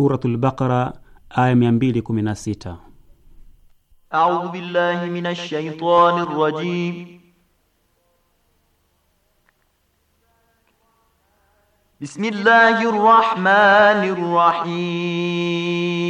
Suratul Baqara aya 216. A'udhu billahi minash shaitani rrajim. Bismillahir rahmanir rahim.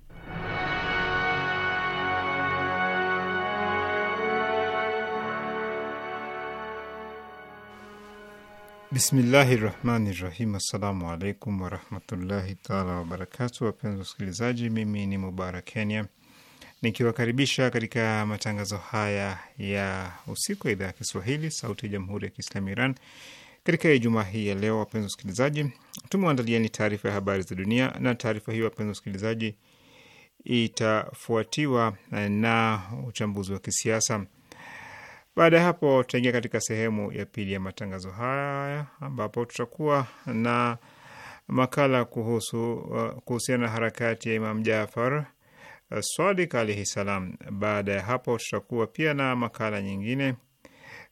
Bismillahi rahmani rahim. Assalamu alaikum warahmatullahi taala wabarakatu. Wapenzi wasikilizaji, mimi ni Mubarak Kenya nikiwakaribisha katika matangazo haya ya usiku ya idhaa ya Kiswahili sauti ya jamhuri ya Kiislamu Iran katika Ijumaa hii ya leo. Wapenzi wasikilizaji, tumewaandaliani taarifa ya habari za dunia, na taarifa hiyo wapenzi wasikilizaji, itafuatiwa na uchambuzi wa kisiasa baada ya hapo tutaingia katika sehemu ya pili ya matangazo haya ambapo tutakuwa na makala kuhusu uh, kuhusiana na harakati ya Imam Jafar uh, Swadik alaihi salam. Baada ya hapo tutakuwa pia na makala nyingine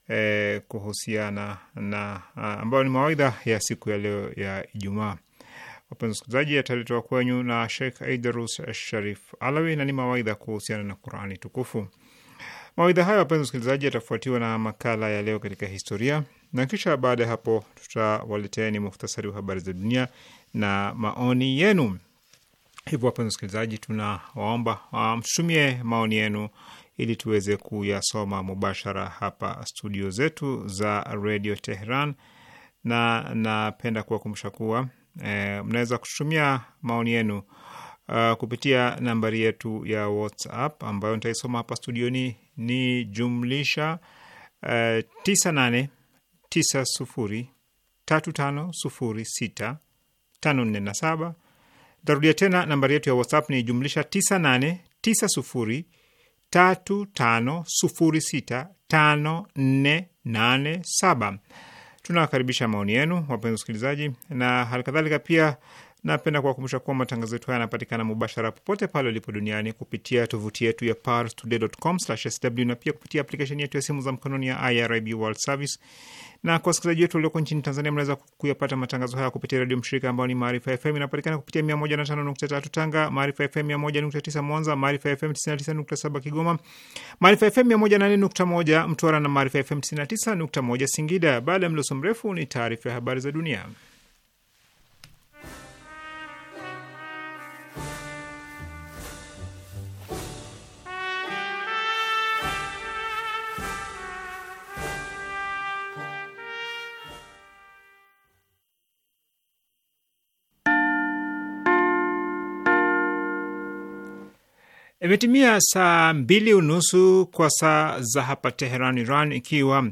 eh, kuhusiana na ambayo ni mawaidha ya siku ya leo ya Ijumaa. Wapenzi wasikilizaji, yataletwa kwenyu na Sheikh Aidarus Sharif Alawi na ni mawaidha kuhusiana na Qurani tukufu. Mawaidha hayo, wapenzi wasikilizaji, yatafuatiwa na makala ya leo katika historia, na kisha baada ya hapo ni muhtasari wa habari za dunia na maoni yenu. Hivyo wapenzi wasikilizaji, tunawaomba uh, mtutumie um, maoni yenu ili tuweze kuyasoma mubashara hapa studio zetu za redio Tehran, na napenda kuwakumbusha kuwa e, mnaweza kututumia maoni yenu uh, kupitia nambari yetu ya WhatsApp ambayo nitaisoma hapa studioni ni jumlisha uh, tisa nane tisa sufuri tatu tano sufuri sita tano nne na saba. Tarudia tena nambari yetu ya WhatsApp ni jumlisha tisa nane tisa sufuri tatu tano sufuri sita tano nne nane saba. Tunawakaribisha maoni yenu wapenzi wasikilizaji, na halikadhalika pia Napenda kuwakumbusha kuwa matangazo yetu haya yanapatikana mubashara popote pale ulipo duniani kupitia tovuti yetu ya parstoday.com/sw na pia kupitia aplikesheni yetu ya simu za mkononi ya IRIB World Service. Na kwa wasikilizaji wetu walioko nchini Tanzania, mnaweza kuyapata matangazo haya kupitia redio mshirika ambao ni Maarifa FM, inapatikana kupitia 105.3 Tanga, Maarifa FM 101.9 Mwanza, Maarifa FM 99.7 Kigoma, Maarifa FM 108.1 Mtwara na Maarifa FM 99.1 Singida. Baada ya mdoso mrefu, ni taarifa ya habari za dunia. Imetimia saa mbili unusu kwa saa za hapa Teheran, Iran, ikiwa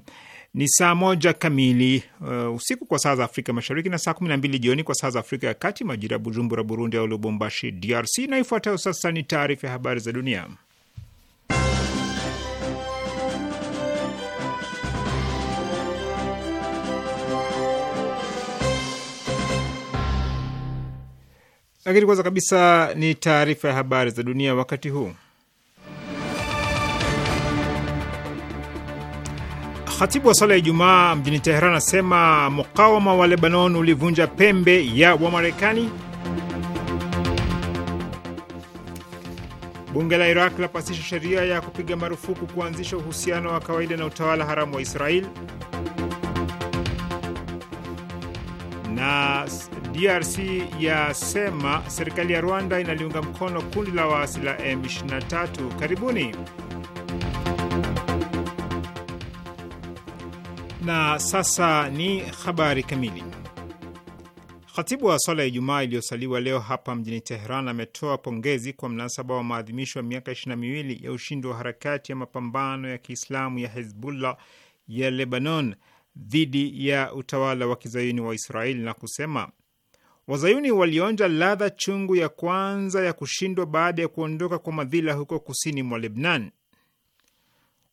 ni saa moja kamili uh, usiku kwa saa za Afrika Mashariki na saa kumi na mbili jioni kwa saa za Afrika ya Kati, majira ya Bujumbura, Burundi, au Lubumbashi, DRC. Na ifuatayo sasa ni taarifa ya habari za dunia. Lakini kwanza kabisa ni taarifa ya habari za dunia wakati huu. Khatibu wa swala ya Ijumaa mjini Teheran anasema mukawama wa Lebanon ulivunja pembe ya Wamarekani. Bunge la Iraq lapasisha sheria ya kupiga marufuku kuanzisha uhusiano wa kawaida na utawala haramu wa Israel. Na DRC yasema serikali ya Rwanda inaliunga mkono kundi la waasi la M23. Karibuni na sasa ni habari kamili. Khatibu wa swala ya Ijumaa iliyosaliwa leo hapa mjini Teheran ametoa pongezi kwa mnasaba wa maadhimisho ya miaka ishirini na miwili ya ushindi wa harakati ya mapambano ya Kiislamu ya Hezbullah ya Lebanon dhidi ya utawala wa kizayuni wa Israeli na kusema Wazayuni walionja ladha chungu ya kwanza ya kushindwa baada ya kuondoka kwa madhila huko kusini mwa Lebnan.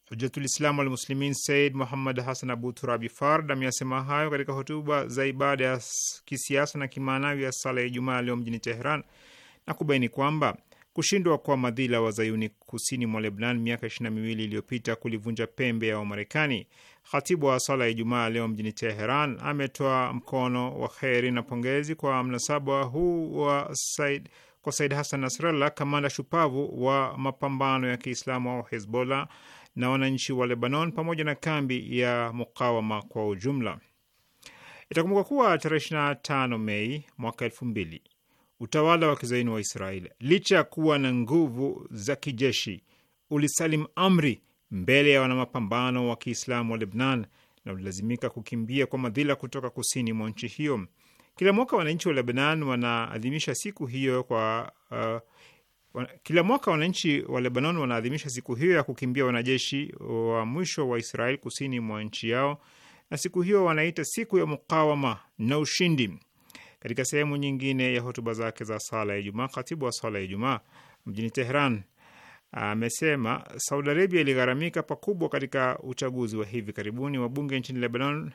Hujatulislamu Walmuslimin Said Muhammad Hasan Abu Turabi Fard ameyasema hayo katika hotuba za ibada ya kisiasa na kimaanawi ya sala ya Ijumaa leo mjini Teheran na kubaini kwamba kushindwa kwa madhila Wazayuni kusini mwa Lebnan miaka ishirini na miwili iliyopita kulivunja pembe ya Wamarekani khatibu wa sala ya Ijumaa leo mjini Teheran ametoa mkono wa kheri na pongezi kwa mnasaba huu wa Said, kwa Said Hassan Nasrallah, kamanda shupavu wa mapambano ya Kiislamu au Hezbollah na wananchi wa Lebanon pamoja na kambi ya mukawama kwa ujumla. Itakumbuka kuwa tarehe 25 Mei mwaka elfu mbili utawala wa kizaini wa Israeli licha ya kuwa na nguvu za kijeshi ulisalim amri mbele ya wanamapambano wa Kiislamu wa Lebnan na walilazimika kukimbia kwa madhila kutoka kusini mwa nchi hiyo. Kila mwaka wananchi wa Lebnan wanaadhimisha siku hiyo kwa uh, kila mwaka wananchi wa Lebanon wanaadhimisha siku hiyo ya kukimbia wanajeshi wa mwisho wa Israel kusini mwa nchi yao, na siku hiyo wanaita siku ya mukawama na ushindi. Katika sehemu nyingine ya hotuba zake za sala ya Ijumaa, katibu wa sala ya Ijumaa mjini Tehran amesema Saudi Arabia iligharamika pakubwa katika uchaguzi wa hivi karibuni wa bunge nchini Lebanon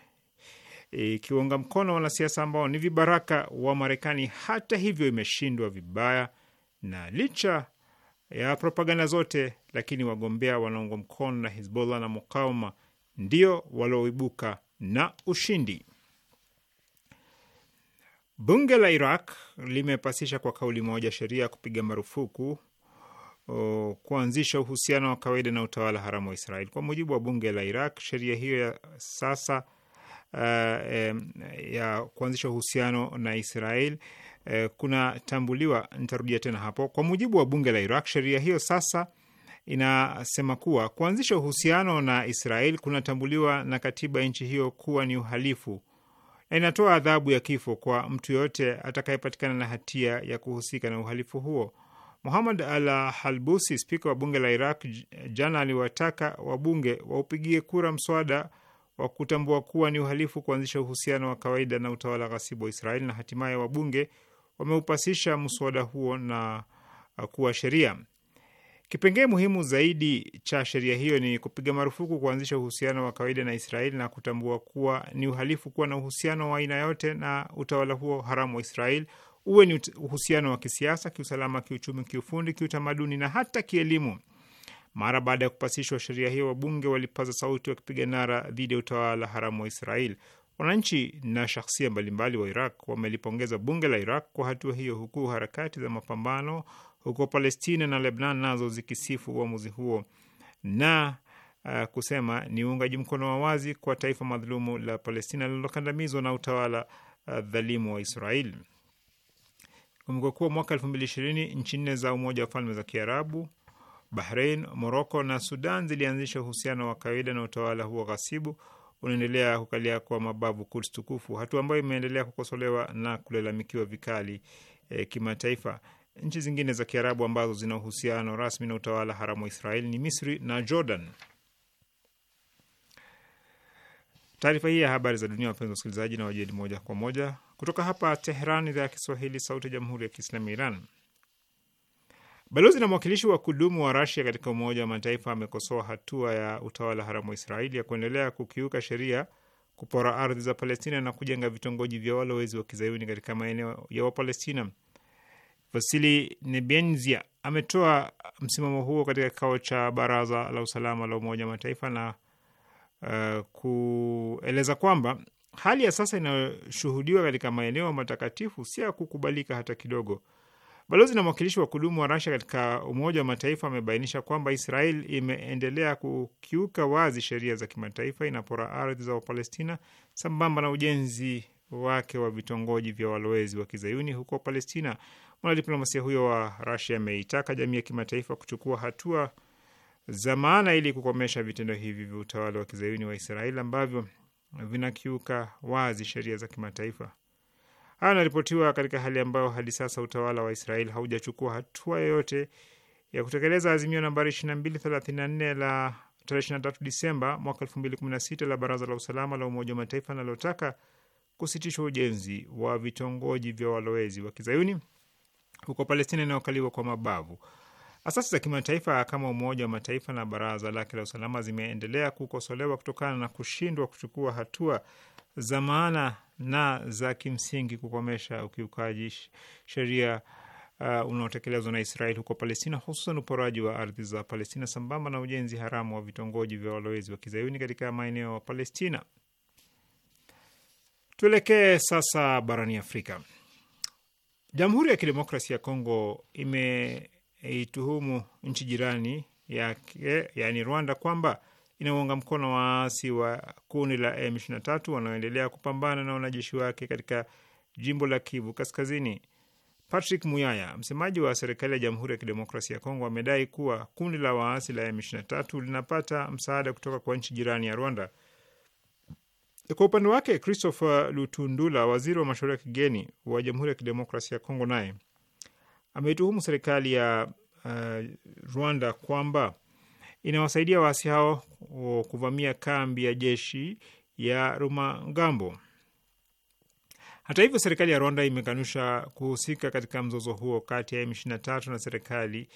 ikiunga e, mkono wanasiasa ambao ni vibaraka wa Marekani. Hata hivyo, imeshindwa vibaya na licha ya propaganda zote, lakini wagombea wanaungwa mkono na Hizbollah na Mukawama ndio walioibuka na ushindi. Bunge la Iraq limepasisha kwa kauli moja sheria ya kupiga marufuku kuanzisha uhusiano wa kawaida na utawala haramu wa Israel. Kwa mujibu wa bunge la Iraq, sheria hiyo ya sasa uh, eh, ya kuanzisha uhusiano na Israel eh, kunatambuliwa. Nitarudia tena hapo. Kwa mujibu wa bunge la Iraq, sheria hiyo sasa inasema kuwa kuanzisha uhusiano na Israel kunatambuliwa na katiba ya nchi hiyo kuwa ni uhalifu na inatoa adhabu ya kifo kwa mtu yoyote atakayepatikana na hatia ya kuhusika na uhalifu huo. Muhamad Al Halbusi, spika wa bunge la Iraq, jana aliwataka wabunge waupigie kura mswada wa kutambua kuwa ni uhalifu kuanzisha uhusiano wa kawaida na utawala ghasibu wa Israeli, na hatimaye wabunge wameupasisha mswada huo na uh, kuwa sheria. Kipengee muhimu zaidi cha sheria hiyo ni kupiga marufuku kuanzisha uhusiano wa kawaida na Israeli na kutambua kuwa ni uhalifu kuwa na uhusiano wa aina yote na utawala huo haramu wa Israeli uwe ni uhusiano wa kisiasa, kiusalama, kiuchumi, kiufundi, kiutamaduni na hata kielimu. Mara baada ya kupasishwa sheria hiyo, wabunge walipaza sauti wakipiga nara dhidi ya utawala haramu wa israel Wananchi na shahsia mbalimbali wa Iraq wamelipongeza bunge la Iraq kwa hatua hiyo, huku harakati za mapambano huko Palestina na Lebnan nazo zikisifu uamuzi huo na uh, kusema ni uungaji mkono wa wazi kwa taifa madhulumu la Palestina lililokandamizwa na utawala uh, dhalimu wa Israeli kumekuwa kuwa mwaka elfu mbili ishirini nchi nne za Umoja wa Falme za Kiarabu, bahrein Moroko na Sudan zilianzisha uhusiano wa kawaida na utawala huo ghasibu unaendelea kukalia kwa mabavu Kuds tukufu, hatua ambayo imeendelea kukosolewa na kulalamikiwa vikali e, kimataifa. Nchi zingine za Kiarabu ambazo zina uhusiano rasmi na utawala haramu wa Israeli ni Misri na Jordan. Taarifa hii ya habari za dunia, wapenzi wasikilizaji na wajeli, moja kwa moja kutoka hapa Tehran, idhaa ya Kiswahili, sauti ya jamhuri ya kiislamu ya Iran. Balozi na mwakilishi wa kudumu wa Rasia katika Umoja wa Mataifa amekosoa hatua ya utawala haramu wa Israeli ya kuendelea kukiuka sheria, kupora ardhi za Palestina na kujenga vitongoji vya walowezi wa kizayuni katika maeneo ya Wapalestina. Vasili Nebenzia ametoa msimamo huo katika kikao cha Baraza la Usalama la Umoja wa Mataifa na uh, kueleza kwamba hali ya sasa inayoshuhudiwa katika maeneo matakatifu si ya kukubalika hata kidogo. Balozi na mwakilishi wa kudumu wa Rasha katika Umoja wa Mataifa amebainisha kwamba Israel imeendelea kukiuka wazi sheria za kimataifa, inapora ardhi za Wapalestina sambamba na ujenzi wake wa vitongoji vya walowezi wa kizayuni huko Palestina. Mwanadiplomasia huyo wa Rasia ameitaka jamii ya kimataifa kuchukua hatua za maana ili kukomesha vitendo hivi vya utawala wa kizayuni wa Israeli ambavyo vinakiuka wazi sheria za kimataifa. Haya anaripotiwa katika hali ambayo hadi sasa utawala wa Israeli haujachukua hatua yoyote ya kutekeleza azimio nambari 2234 la 23 Disemba mwaka 2016 la Baraza la Usalama la Umoja wa Mataifa linalotaka kusitishwa ujenzi wa vitongoji vya walowezi wa kizayuni huko Palestina inayokaliwa kwa mabavu Asasi za kimataifa kama Umoja wa Mataifa na Baraza lake la Usalama zimeendelea kukosolewa kutokana na kushindwa kuchukua hatua za maana na za kimsingi kukomesha ukiukaji sheria uh, unaotekelezwa na Israeli huko Palestina, hususan uporaji wa ardhi za Palestina sambamba na ujenzi haramu wa vitongoji vya walowezi wa kizayuni katika maeneo ya Palestina. Tuelekee sasa barani Afrika. Jamhuri ya Kidemokrasia ya Kongo ime ituhumu nchi jirani yake yaani Rwanda kwamba inaunga mkono waasi wa kundi la M23 wanaoendelea kupambana na wanajeshi wake katika jimbo la Kivu Kaskazini. Patrick Muyaya, msemaji wa serikali ya Jamhuri ya Kidemokrasia ya Kongo, amedai kuwa kundi la waasi la M23 linapata msaada kutoka kwa nchi jirani ya Rwanda. Kwa upande wake, Christopher Lutundula, waziri wa mashauri ya kigeni wa Jamhuri ya Kidemokrasia ya Kongo, naye ameituhumu serikali ya uh, Rwanda kwamba inawasaidia waasi hao kuvamia kambi ya jeshi ya Rumangambo. Hata hivyo, serikali ya Rwanda imekanusha kuhusika katika mzozo huo kati ya M23 na serikali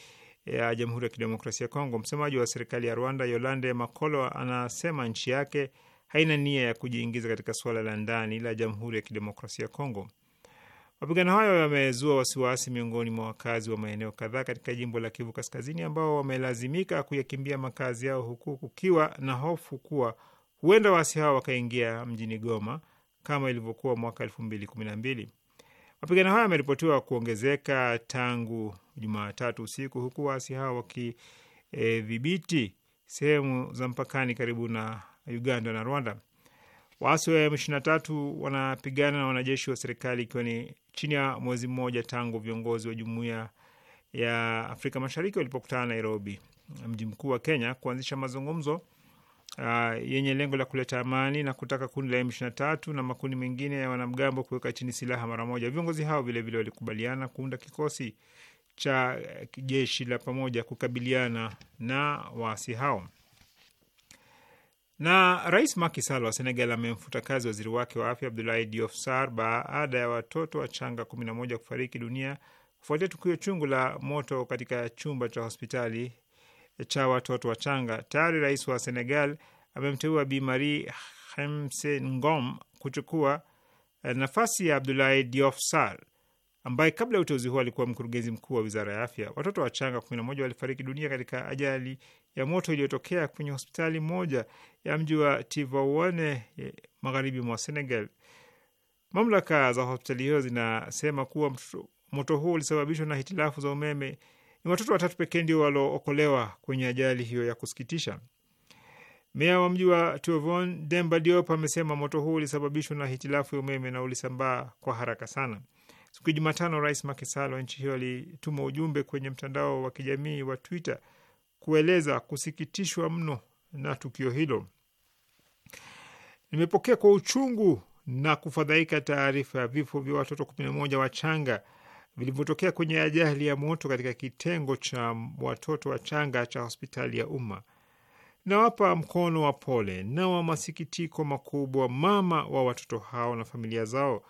ya Jamhuri ya Kidemokrasia ya Kongo. Msemaji wa serikali ya Rwanda, Yolande Makolo, anasema nchi yake haina nia ya kujiingiza katika suala la ndani la Jamhuri ya Kidemokrasia ya Kongo. Mapigano hayo yamezua wasiwasi miongoni mwa wakazi wa maeneo kadhaa katika jimbo la Kivu Kaskazini ambao wamelazimika kuyakimbia makazi yao huku kukiwa na hofu kuwa huenda waasi hao wakaingia mjini Goma kama ilivyokuwa mwaka elfu mbili kumi na mbili. Mapigano hayo yameripotiwa kuongezeka tangu Jumatatu usiku huku waasi hao wakidhibiti e, sehemu za mpakani karibu na Uganda na Rwanda. Waasi wa M23 wanapigana na wanajeshi wa serikali ikiwa ni chini ya mwezi mmoja tangu viongozi wa jumuiya ya Afrika Mashariki walipokutana Nairobi, mji mkuu wa Kenya, kuanzisha mazungumzo uh, yenye lengo la kuleta amani na kutaka kundi la M23 na makundi mengine ya wanamgambo kuweka chini silaha mara moja. Viongozi hao vilevile walikubaliana kuunda kikosi cha jeshi la pamoja kukabiliana na waasi hao. Na Rais Macky Sall wa Senegal amemfuta kazi waziri wake wa afya Abdoulaye Diouf Sarr baada ya watoto wachanga 11 kufariki dunia kufuatia tukio chungu la moto katika chumba cha hospitali cha watoto wachanga. Tayari rais wa Senegal amemteua Bi Marie Ngom kuchukua eh, nafasi ya Abdoulaye Diouf Sarr ambaye kabla ya uteuzi huo alikuwa mkurugenzi mkuu wa wizara ya afya. Watoto wachanga kumi na moja walifariki dunia katika ajali ya moto iliyotokea kwenye hospitali moja ya mji wa Tivaouane eh, magharibi mwa Senegal. Mamlaka za hospitali hiyo zinasema kuwa moto huo ulisababishwa na hitilafu za umeme. Ni watoto watatu pekee ndio waliookolewa kwenye ajali hiyo ya kusikitisha. Meya wa mji wa Tivaouane Demba Diop amesema moto huo ulisababishwa na hitilafu ya umeme na ulisambaa kwa haraka sana. Siku ya Jumatano, Rais Macky Sall wa nchi hiyo alituma ujumbe kwenye mtandao wa kijamii wa Twitter kueleza kusikitishwa mno na tukio hilo. Nimepokea kwa uchungu na kufadhaika taarifa ya vifo vya watoto kumi wa wachanga vilivyotokea kwenye ajali ya moto katika kitengo cha watoto wachanga cha hospitali ya umma. Nawapa mkono wa pole na wa masikitiko makubwa mama wa watoto hao na familia zao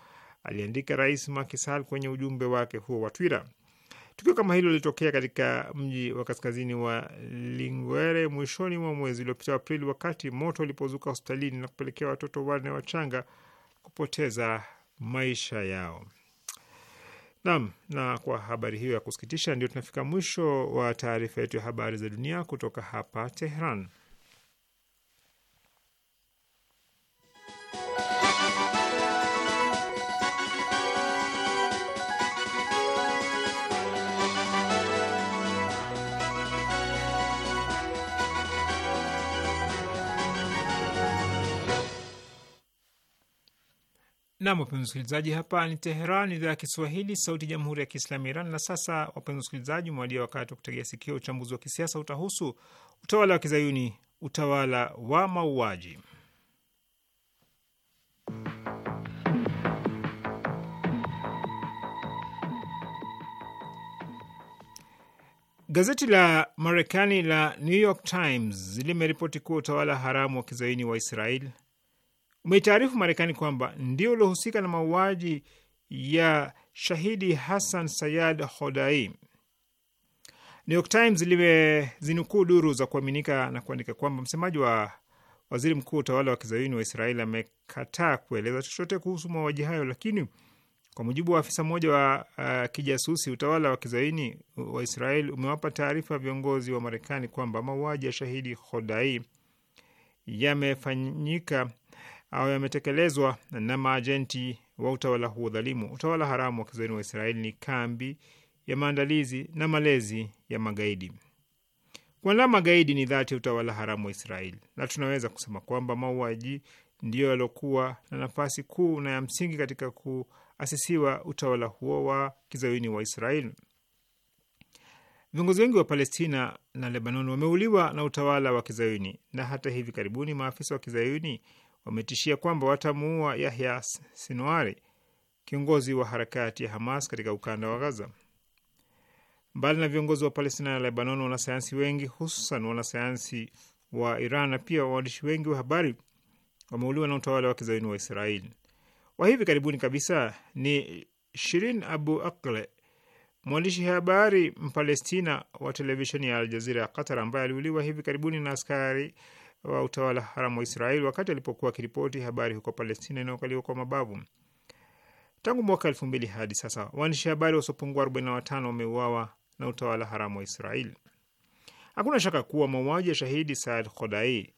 aliandika Rais makisal kwenye ujumbe wake huo wa Twitter. Tukio kama hilo lilitokea katika mji wa kaskazini wa Lingwere mwishoni mwa mwezi uliopita Aprili, wakati moto ulipozuka hospitalini na kupelekea watoto wanne wachanga kupoteza maisha yao. Naam, na kwa habari hiyo ya kusikitisha, ndio tunafika mwisho wa taarifa yetu ya habari za dunia kutoka hapa Tehran. Nam, wapenzi wasikilizaji, hapa ni Teheran, idhaa ya Kiswahili, sauti ya jamhuri ya kiislamu Iran. Na sasa, wapenzi wasikilizaji, umewadia wakati wa kutegea sikio. Uchambuzi wa kisiasa utahusu utawala wa kizayuni, utawala wa mauaji. Gazeti la Marekani la New York Times limeripoti kuwa utawala haramu wa kizayuni wa Israeli umeitaarifu Marekani kwamba ndio uliohusika na mauaji ya shahidi Hassan Sayad Hodai. New York Times limezinukuu duru za kuaminika na kuandika kwamba msemaji wa waziri mkuu utawala wa kizayuni wa Israeli amekataa kueleza chochote kuhusu mauaji hayo, lakini kwa mujibu wa afisa mmoja wa uh, kijasusi utawala wa kizayuni wa Israeli umewapa taarifa viongozi wa Marekani kwamba mauaji ya shahidi Hodai yamefanyika au yametekelezwa na maajenti wa utawala huo dhalimu. Utawala haramu wa kizayuni wa Israeli ni kambi ya maandalizi na malezi ya magaidi. Kuandaa magaidi ni dhati ya utawala haramu wa Israeli, na tunaweza kusema kwamba mauaji ndiyo yaliokuwa na nafasi kuu na ya msingi katika kuasisiwa utawala huo wa kizayuni wa Israeli. Viongozi wengi wa Palestina na Lebanon wameuliwa na utawala wa kizayuni, na hata hivi karibuni maafisa wa kizayuni wametishia kwamba watamuua Yahya Sinwari, kiongozi wa harakati ya Hamas katika ukanda wa Gaza. Mbali na viongozi wa Palestina na Lebanon, wanasayansi wengi hususan wanasayansi wa Iran na pia waandishi wengi wa habari wameuliwa na utawala wa kizayuni wa Israeli. Wa hivi karibuni kabisa ni Shirin Abu Akle, mwandishi habari Mpalestina wa televisheni ya Aljazira ya Qatar, ambaye aliuliwa hivi karibuni na askari wa utawala haramu wa Israeli wakati alipokuwa akiripoti habari huko Palestina inayokaliwa kwa mabavu. Tangu mwaka elfu mbili hadi sasa waandishi habari wasiopungua 45 wameuawa na utawala haramu wa Israeli. Hakuna shaka kuwa mauaji ya shahidi Saad Khodai,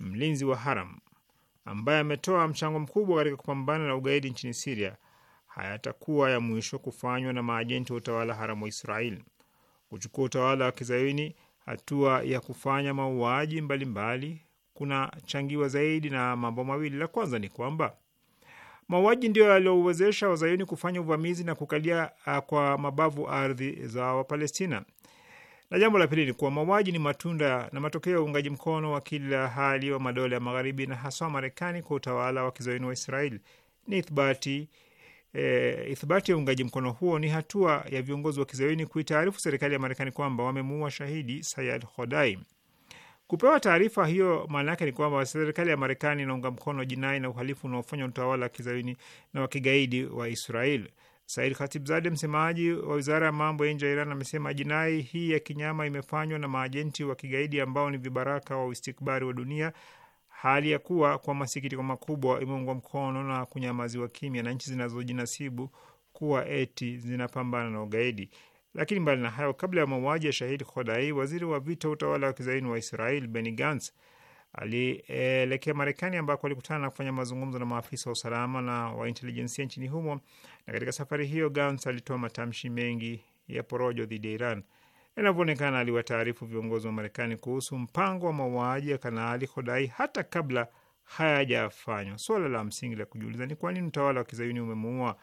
mlinzi wa haram, ambaye ametoa mchango mkubwa katika kupambana na ugaidi nchini Siria, hayatakuwa ya mwisho kufanywa na maajenti wa utawala haramu wa Israeli. Kuchukua utawala wa kizayuni hatua ya kufanya mauaji mbalimbali kunachangiwa zaidi na mambo mawili. La kwanza ni kwamba mauaji ndio yaliowezesha wazayuni kufanya uvamizi na kukalia ah, kwa mabavu ardhi za Wapalestina, na jambo la pili ni kuwa mauaji ni matunda na matokeo ya uungaji mkono wa kila hali wa madola ya Magharibi na haswa Marekani kwa utawala wa kizayuni wa Israeli. Ni ithibati E, eh, ithibati ya uungaji mkono huo ni hatua ya viongozi wa kizayuni kuitaarifu serikali ya Marekani kwamba wamemuua shahidi Sayad khodai Kupewa taarifa hiyo maana yake ni kwamba serikali ya Marekani inaunga mkono jinai na uhalifu unaofanywa utawala wa kizayuni na wa kigaidi wa Israel. Said Khatibzade, msemaji wa wizara ya mambo ya nje ya Iran, amesema jinai hii ya kinyama imefanywa na maajenti wa kigaidi ambao ni vibaraka wa uistikbari wa dunia, hali ya kuwa kwa masikitiko makubwa imeungwa mkono na kunyamaziwa kimya na nchi zinazojinasibu kuwa eti zinapambana na ugaidi. Lakini mbali na hayo, kabla ya mauaji ya shahid Khodai, waziri wa vita utawala wa kizaini wa Israel Benny Gantz alielekea Marekani ambako alikutana na kufanya mazungumzo na maafisa wa usalama na wa intelijensia nchini humo. Na katika safari hiyo, Gantz alitoa matamshi mengi ya porojo dhidi ya Iran. Inavyoonekana, aliwataarifu viongozi wa Marekani kuhusu mpango wa mauaji ya Kanaali Khodai hata kabla hayajafanywa. Suala la msingi la kujiuliza ni kwa nini utawala wa kizayuni umemuua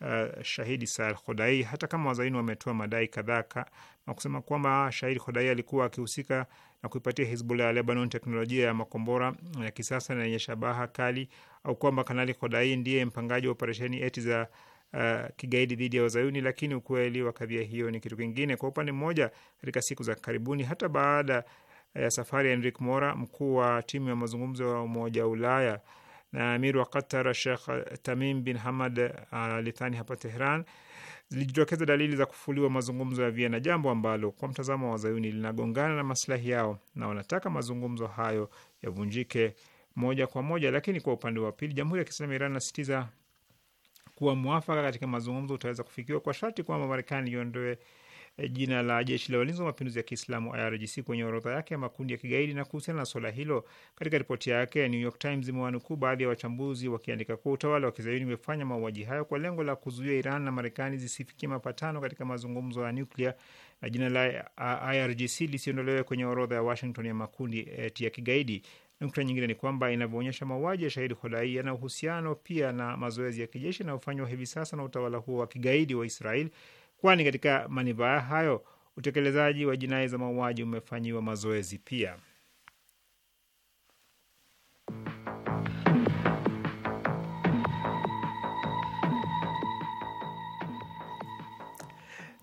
uh, shahidi Said Khodai, hata kama wazaini wametoa madai kadhaa na kusema kwamba shahidi Khodai alikuwa akihusika na kuipatia Hizbullah ya Lebanon teknolojia ya makombora ya kisasa na yenye shabaha kali au kwamba Kanali Khodai ndiye mpangaji wa operesheni eti za Uh, kigaidi dhidi ya wazayuni, lakini ukweli wa kadhia hiyo ni kitu kingine. Kwa upande mmoja, katika siku za karibuni, hata baada ya uh, safari ya Enrique Mora, mkuu wa timu ya mazungumzo ya Umoja wa Ulaya na amir wa Qatar Shekh Tamim bin Hamad alithani uh, hapa Tehran zilijitokeza dalili za kufuliwa mazungumzo ya Viena, jambo ambalo kwa mtazamo wa zayuni linagongana na maslahi yao na wanataka mazungumzo hayo yavunjike moja kwa moja. Lakini kwa upande wa pili, jamhuri ya Kiislamu Iran inasisitiza kuwa mwafaka katika mazungumzo utaweza kufikiwa kwa sharti kwamba Marekani iondoe jina la jeshi la walinzi wa mapinduzi ya Kiislamu IRGC kwenye orodha yake ya makundi ya kigaidi. Na kuhusiana na suala hilo, katika ripoti yake New York Times imewanukuu baadhi ya wachambuzi wakiandika kuwa utawala wa kizayuni umefanya mauaji hayo kwa lengo la kuzuia Iran na Marekani zisifikie mapatano katika mazungumzo ya nuklia na jina la IRGC lisiondolewe kwenye orodha ya Washington ya makundi eti eh, ya kigaidi. Nukta nyingine ni kwamba inavyoonyesha mauaji ya shahidi Holai yana uhusiano pia na mazoezi ya kijeshi yanayofanywa hivi sasa na utawala huo wa kigaidi wa Israel kwani katika manivaa hayo utekelezaji wa jinai za mauaji umefanyiwa mazoezi pia.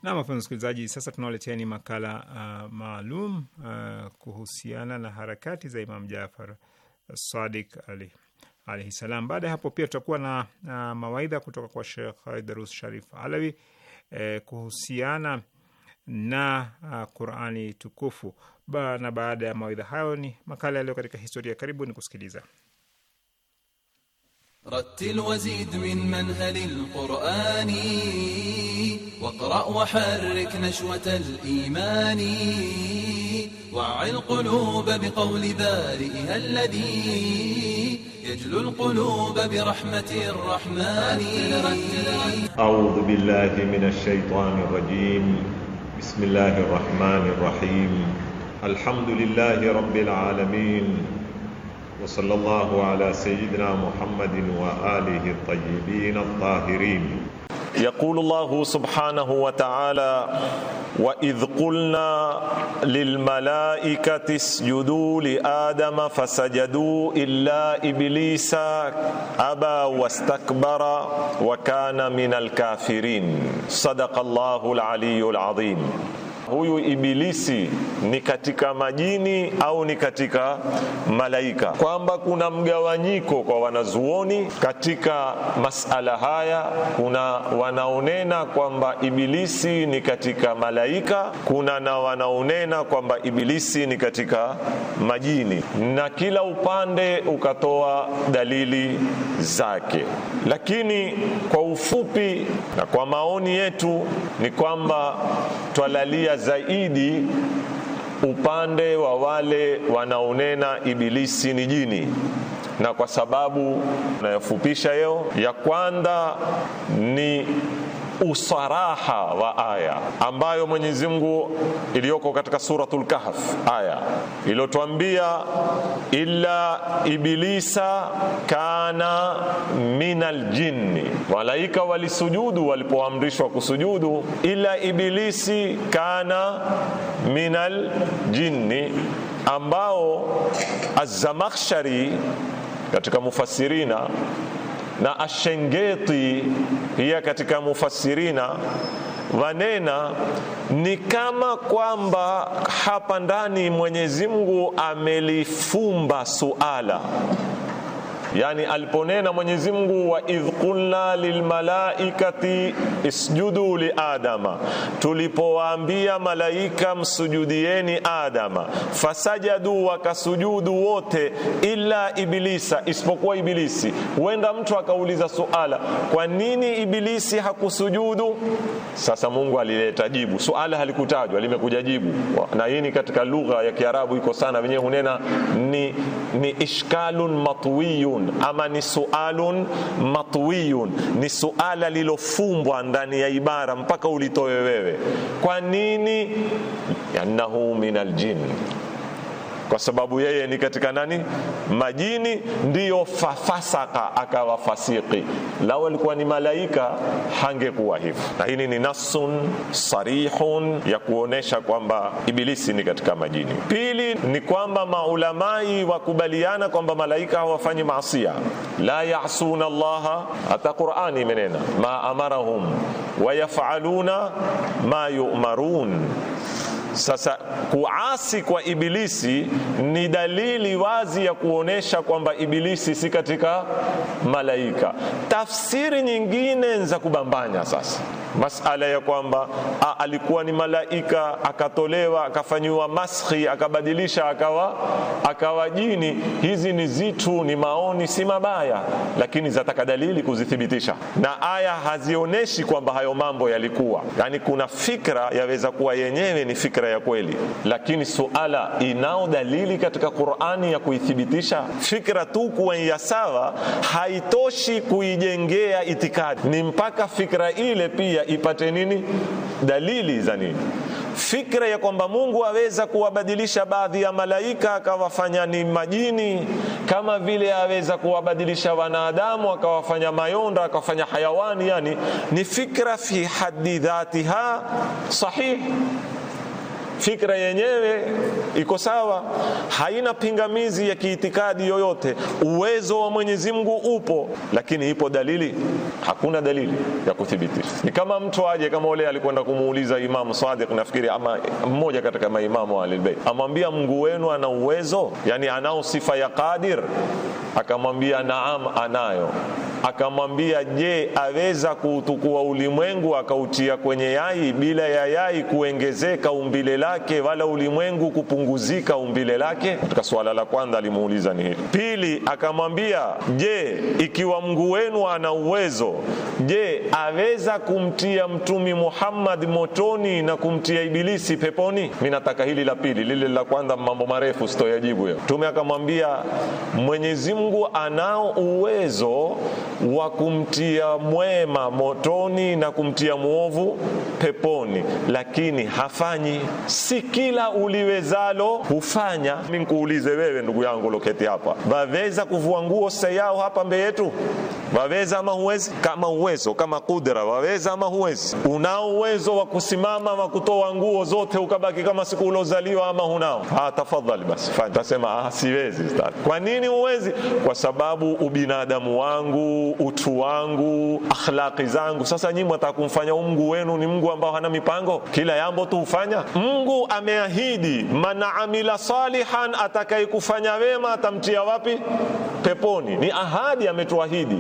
Nam, wapenzi msikilizaji, sasa ni makala uh, maalum uh, kuhusiana na harakati za Imam Jafar Sadik ali alaihi salam. Baada ya hapo pia tutakuwa na uh, mawaidha kutoka kwa Shekh darus Sharif Alawi kuhusiana na Qurani tukufu ba. Na baada ya mawaidha hayo ni makala yaliyo katika historia. ni kusikiliza. Ratil wazid min manhali alqurani waqra waharrik nashwat alimani wa'il qulub biqawli dhariha alladhi يجلو القلوب برحمة الرحمن أعوذ بالله من الشيطان الرجيم بسم الله الرحمن الرحيم الحمد لله رب العالمين وصلى الله على سيدنا محمد وآله الطيبين الطاهرين يقول الله سبحانه وتعالى واذ قلنا للملائكه اسجدوا لادم فسجدوا الا ابليس ابى واستكبر وكان من الكافرين صدق الله العلي العظيم huyu Ibilisi ni katika majini au ni katika malaika, kwamba kuna mgawanyiko kwa wanazuoni katika masala haya. Kuna wanaonena kwamba Ibilisi ni katika malaika, kuna na wanaonena kwamba Ibilisi ni katika majini, na kila upande ukatoa dalili zake, lakini kwa ufupi na kwa maoni yetu ni kwamba twalalia zaidi upande wa wale wanaonena ibilisi ni jini na kwa sababu nayofupisha yeo ya kwanza ni usaraha wa aya ambayo Mwenyezi Mungu iliyoko katika suratul Kahf, aya iliyotuambia, illa ibilisa kana minal jinni, malaika walisujudu walipoamrishwa kusujudu, ila ibilisi kana minal jinni, ambao Azamakhshari katika mufasirina na Ashengeti pia katika mufasirina wanena ni kama kwamba hapa ndani Mwenyezi Mungu amelifumba suala yani aliponena Mwenyezi Mungu wa idh qulna lilmalaikati isjudu li adama, tulipowaambia malaika msujudieni Adama, fasajadu wakasujudu wote ila ibilisa, isipokuwa ibilisi. Huenda mtu akauliza suala, kwa nini ibilisi hakusujudu? Sasa Mungu alileta jibu, suala halikutajwa, limekuja jibu, na hii ni katika lugha ya Kiarabu iko sana, wenyewe hunena ni, ni ishkalun matwiyun ama ni sualun matwiyun, ni suala lilofumbwa ndani ya ibara mpaka ulitoe wewe. Kwa nini? annahu min aljin kwa sababu yeye ni katika nani majini ndiyo fafasaka akawa fasiki Lau alikuwa ni malaika hangekuwa hivyo na hili ni nasun sarihun ya kuonyesha kwamba ibilisi ni katika majini pili ni kwamba maulamai wakubaliana kwamba malaika hawafanyi maasia la yasuna llaha hata qurani imenena ma amarahum wayafaluna ma yumarun sasa kuasi kwa Ibilisi ni dalili wazi ya kuonesha kwamba Ibilisi si katika malaika. Tafsiri nyingine za kubambanya sasa masala ya kwamba a, alikuwa ni malaika akatolewa akafanyiwa maskhi akabadilisha akawa akawa jini. Hizi ni zitu, ni maoni si mabaya, lakini zataka dalili kuzithibitisha, na aya hazionyeshi kwamba hayo mambo yalikuwa. Yani kuna fikra yaweza kuwa yenyewe ni fikra fikra ya kweli, lakini suala inao dalili katika Qur'ani ya kuithibitisha fikra tu kuwa ya sawa haitoshi kuijengea itikadi, ni mpaka fikra ile pia ipate nini, dalili za nini fikra ya kwamba Mungu aweza kuwabadilisha baadhi ya malaika akawafanya ni majini, kama vile aweza kuwabadilisha wanadamu akawafanya mayonda akawafanya hayawani, yani ni fikra fi haddi dhatiha sahih fikra yenyewe iko sawa, haina pingamizi ya kiitikadi yoyote. Uwezo wa Mwenyezi Mungu upo, lakini ipo dalili? Hakuna dalili ya kuthibitisha. Ni kama mtu aje, kama ule alikwenda kumuuliza Imamu Sadiq, nafikiri ama mmoja katika maimamu wa Ahlul Bayt, amwambia Mungu wenu ana uwezo, yani anao sifa ya Qadir Akamwambia, naam, anayo. Akamwambia, je, aweza kuutukua ulimwengu akautia kwenye yai bila ya yai kuongezeka umbile lake wala ulimwengu kupunguzika umbile lake? Katika suala la kwanza alimuuliza ni hili. Pili akamwambia, je, ikiwa Mungu wenu ana uwezo, je, aweza kumtia Mtumi Muhammad motoni na kumtia Ibilisi peponi? Mi nataka hili la pili, lile la kwanza mambo marefu sitoyajibu. Yo Mtume akamwambia Mwenyezi Mungu Mungu anao uwezo wa kumtia mwema motoni na kumtia mwovu peponi, lakini hafanyi. Si kila uliwezalo hufanya. Mimi nikuulize wewe, ndugu yangu loketi hapa, waweza kuvua nguo sayao hapa mbele yetu? Waweza ama huwezi? Kama uwezo kama kudra, waweza ama huwezi? Unao uwezo wa kusimama na kutoa nguo zote ukabaki kama siku ulozaliwa ama hunao? Ah, tafadhali basi fanya. ah, siwezi. Kwa nini huwezi? kwa sababu ubinadamu wangu, utu wangu, akhlaqi zangu. Sasa nyinyi mwataka kumfanya huu Mungu wenu ni Mungu ambao hana mipango, kila jambo tu hufanya. Mungu ameahidi, man amila salihan, atakayekufanya wema atamtia wapi? Peponi. Ni ahadi ametuahidi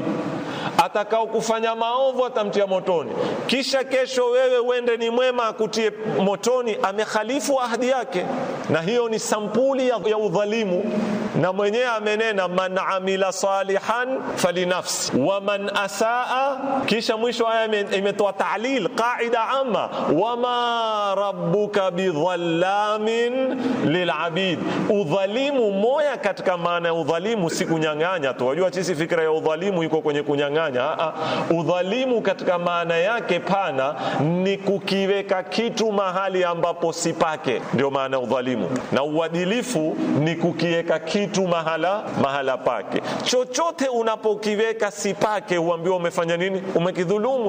atakao kufanya maovu atamtia motoni, kisha kesho wewe uende ni mwema akutie motoni. Amekhalifu ahadi yake, na hiyo ni sampuli ya, ya udhalimu. Na mwenyewe amenena man amila salihan falinafsi wa man asaa, kisha mwisho aya imetoa ta'lil qaida amma wama rabbuka bidhallamin lilabid. Udhalimu moya katika maana ya udhalimu si kunyang'anya tu. Wajua chisi fikra ya udhalimu iko kwenye kunyang'anya kunyang'anya. Ah, ah, udhalimu katika maana yake pana ni kukiweka kitu mahali ambapo si pake, ndio maana udhalimu. Na uadilifu ni kukiweka kitu mahala mahala pake. Chochote unapokiweka si pake, huambiwa umefanya nini? Umekidhulumu.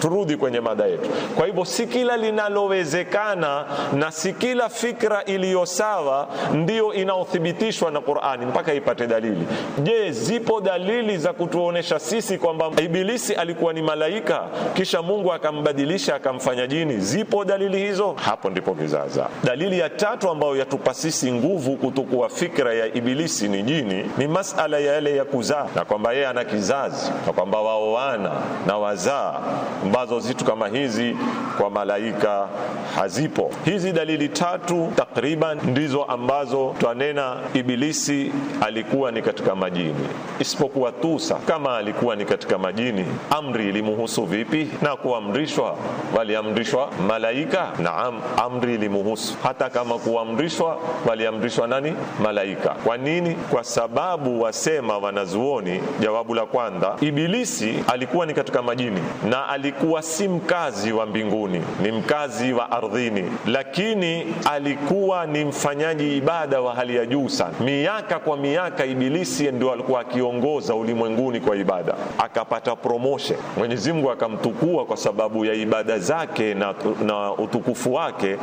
Turudi kwenye mada yetu. Kwa hivyo, si kila linalowezekana na si kila fikra iliyo sawa ndiyo inaothibitishwa na Qur'ani mpaka ipate dalili. Je, zipo dalili za kutuonesha sisi kwa kwamba Ibilisi alikuwa ni malaika kisha Mungu akambadilisha akamfanya jini? Zipo dalili hizo? Hapo ndipo kizaza. Dalili ya tatu ambayo yatupa sisi nguvu kutokuwa fikra ya Ibilisi ni jini ni masala yale ya kuzaa, na kwamba yeye ana kizazi, na kwamba wao wana na wazaa, ambazo zitu kama hizi kwa malaika hazipo. Hizi dalili tatu takriban ndizo ambazo twanena Ibilisi alikuwa ni katika majini, isipokuwa tusa kama alikuwa ni katika katika majini, amri ilimuhusu vipi? Na kuamrishwa, waliamrishwa malaika? Naam, amri ilimuhusu. Hata kama kuamrishwa, waliamrishwa nani? Malaika. Kwa nini? Kwa sababu wasema wanazuoni, jawabu la kwanza, Ibilisi alikuwa ni katika majini na alikuwa si mkazi wa mbinguni, ni mkazi wa ardhini, lakini alikuwa ni mfanyaji ibada wa hali ya juu sana. Miaka kwa miaka, Ibilisi ndio alikuwa akiongoza ulimwenguni kwa ibada kapata promotion. Mwenyezi Mungu akamtukua kwa sababu ya ibada zake na, na utukufu wake,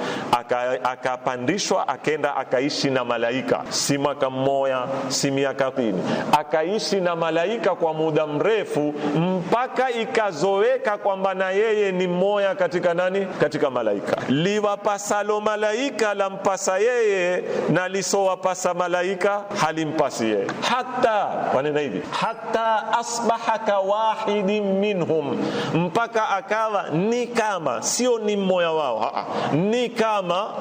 akapandishwa aka akenda akaishi na malaika, si mwaka mmoja, si miaka kumi, akaishi na malaika kwa muda mrefu, mpaka ikazoweka kwamba na yeye ni mmoja katika nani, katika malaika. Liwapasalo malaika lampasa yeye, na lisowapasa malaika halimpasi yeye. Hata wanena hivi hata asbaha kawahidin minhum, mpaka akawa ni kama, sio ni mmoja wao, ni kama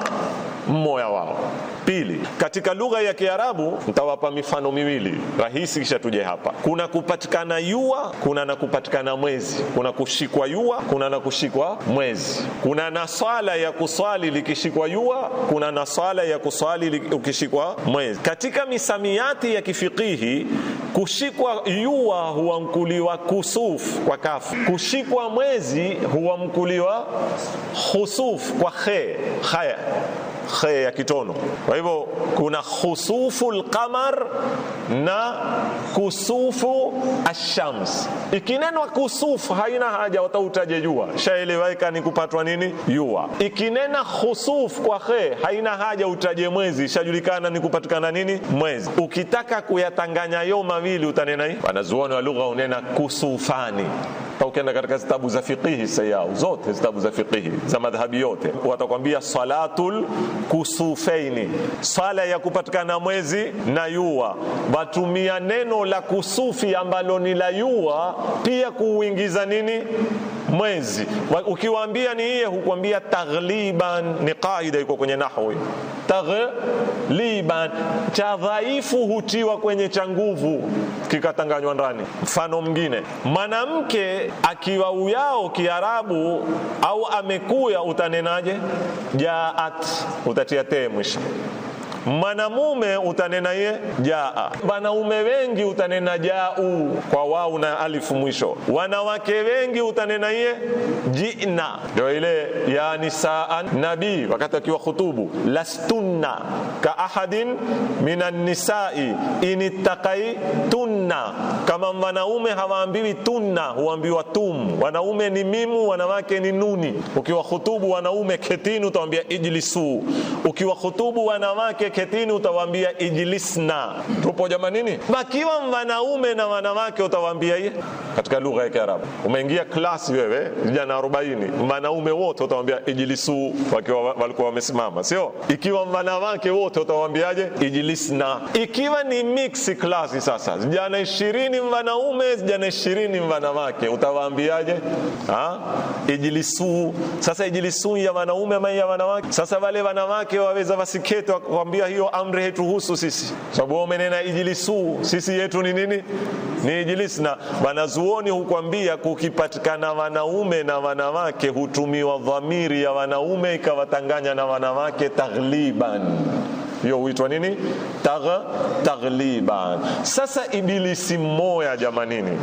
mmoja wao. Pili, katika lugha ya Kiarabu nitawapa mifano miwili rahisi, kisha tuje hapa. Kuna kupatikana yua, kuna na kupatikana mwezi, kuna kushikwa yua, kuna na kushikwa mwezi, kuna na swala ya kuswali likishikwa yua, kuna na swala ya kuswali ukishikwa mwezi. Katika misamiati ya kifikihi kushikwa yua huamkuliwa kusuf kwa kafu, kushikwa mwezi huamkuliwa khusuf kwa khe haya khe ya kitono. Kwa hivyo kuna khusufu lqamar na kusufu ashams. Ikinenwa kusufu, haina haja watautaje jua, shaeleweka ni kupatwa nini jua. Ikinena khusufu kwa khe, haina haja utaje mwezi, shajulikana ni kupatikana nini mwezi. Ukitaka kuyatanganya yo mawili utanena, wanazuoni wa lugha unena kusufani Ukienda katika zitabu za fiqihi sayao zote zitabu za fiqihi za madhhabi yote watakwambia salatul kusufaini, sala ya kupatikana mwezi na yua. Watumia neno la kusufi ambalo ni la yua pia kuuingiza nini mwezi. Ukiwaambia ni yeye, hukwambia tagliban. Ni kaida iko kwenye nahwi, tagliban cha dhaifu hutiwa kwenye cha nguvu kikatanganywa ndani. Mfano mwingine mwanamke akiwauyao Kiarabu au amekuya, utanenaje? Jaat, utatia tee mwisho mwanamume utanena ye jaa, wanaume wengi utanena jau kwa wau na alifu mwisho, wanawake wengi utanena ye jina. Ndio ile ya nisaa nabii wakati akiwa khutubu, lastunna ka ahadin minan nisai inittakaitunna, kama wanaume hawaambiwi tunna, huambiwa tum. Wanaume ni mimu, wanawake ni nuni. Ukiwa khutubu wanaume ketinu, utawaambia ijlisu. Ukiwa khutubu wanawake ketini, utawambia ijlisna. Tupo jama nini? Bakiwa wanaume na wanawake, utawambia hii katika lugha ya Kiarabu. Umeingia klasi wewe, vijana 40 wanaume wote, utawambia ijlisu, wakiwa walikuwa wamesimama, sio? Ikiwa wanawake wote, utawaambiaje? Ijlisna. Ikiwa ni mix klasi, sasa vijana 20 wanaume, vijana 20 wanawake, utawaambiaje? Ah, ijlisu. Sasa ijlisu ya wanaume ama ya wanawake? Sasa wale wanawake waweza wasikete wakwambia moja, hiyo amri haituhusu sisi, sababu wao umenena ijilisu, sisi yetu ni nini? Ni ijilisi. Na wanazuoni hukwambia kukipatikana wanaume na wanawake hutumiwa dhamiri ya wanaume ikawatanganya na wanawake tagliban hiyo huitwa nini Tag, tagliban sasa ibilisi mmoya jamanini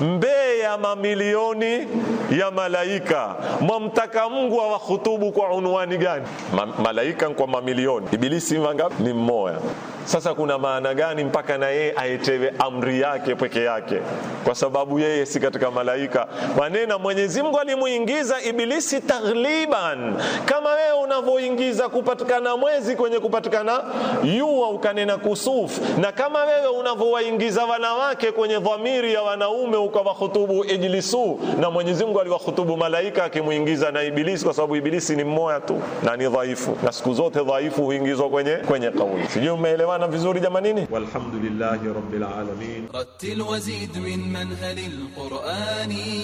mbee ya mamilioni ya malaika mwamtaka mungu awahutubu kwa unwani gani Ma, malaika kwa mamilioni ibilisi wangapi ni mmoya sasa kuna maana gani mpaka na yeye aitewe amri yake peke yake kwa sababu yeye si katika malaika wanena mwenyezi mungu alimuingiza ibilisi tagliban kama wewe unavyoingiza kupatikana mwezi kwenye kupatikana kana yua ukanena kusuf, na kama wewe unavyowaingiza wanawake kwenye dhamiri ya wanaume ukawahutubu ijlisu, na Mwenyezi Mungu aliwahutubu malaika akimuingiza na Ibilisi, kwa sababu Ibilisi ni mmoja tu na ni dhaifu, na siku zote dhaifu huingizwa kwenye kwenye kauli. Sijui umeelewana vizuri jamanini? Walhamdulillahi rabbil alamin. Rattil wazid min manhalil qurani